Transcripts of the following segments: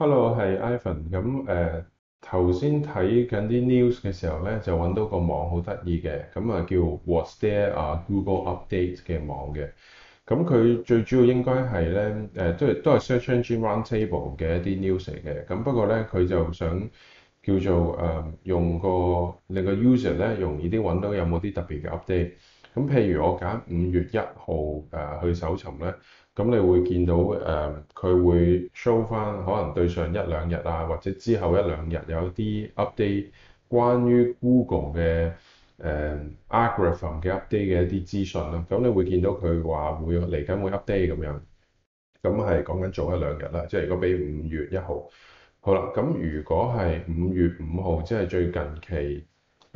Hello，我係 Ivan。咁誒頭先睇緊啲 news 嘅時候咧，就揾到個網好得意嘅，咁啊叫 What's There、uh 啊 Google Update 嘅網嘅。咁佢最主要應該係咧誒，都係都係 Search Engine Round Table 嘅一啲 news 嘅。咁不過咧，佢就想叫做誒、呃、用個令個 user 咧容易啲揾到有冇啲特別嘅 update。咁譬如我揀五月一號誒去搜尋咧，咁你會見到誒佢、呃、會 show 翻可能對上一兩日啊，或者之後一兩日有啲 update 關於 Google 嘅誒、呃、Algorithm 嘅 update 嘅一啲資訊啦，咁你會見到佢話會嚟緊會 update 咁樣，咁係講緊早一兩日啦、啊，即係如果俾五月一號，好啦，咁如果係五月五號，即、就、係、是、最近期。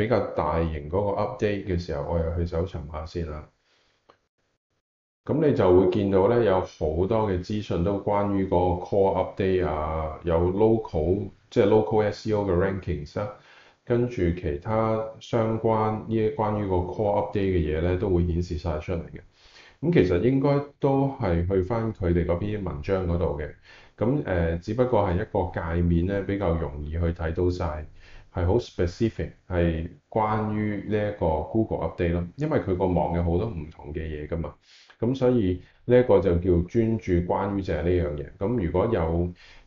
比較大型嗰個 update 嘅時候，我入去搜尋下先啦。咁你就會見到咧，有好多嘅資訊都關於個 core update 啊，有 local 即係 local SEO 嘅 rankings 啦、啊，跟住其他相關呢啲關於個 core update 嘅嘢咧，都會顯示晒出嚟嘅。咁其實應該都係去翻佢哋嗰篇文章嗰度嘅。咁誒、呃，只不過係一個界面咧，比較容易去睇到晒。係好 specific，係關於呢一個 Google update 咯，因為佢個網有好多唔同嘅嘢㗎嘛，咁所以呢一個就叫專注關於就係呢樣嘢。咁如果有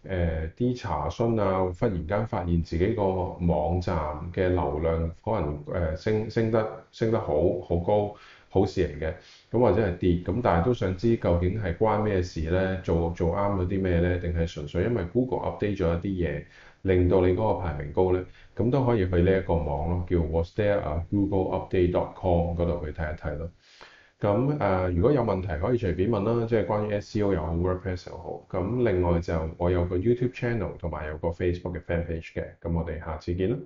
誒啲、呃、查詢啊，忽然間發現自己個網站嘅流量可能誒、呃、升升得升得好好高。好事嚟嘅，咁或者係跌，咁但係都想知究竟係關咩事咧？做做啱咗啲咩咧？定係純粹因為 Google update 咗一啲嘢，令到你嗰個排名高咧，咁都可以去呢一個網咯，叫 Was There A Google Update.com 嗰度去睇一睇咯。咁誒、呃、如果有問題可以隨便問啦，即係關於 SEO 又好 WordPress 又好。咁另外就我有個 YouTube Channel 同埋有個 Facebook 嘅 Fan Page 嘅，咁我哋下次見啦。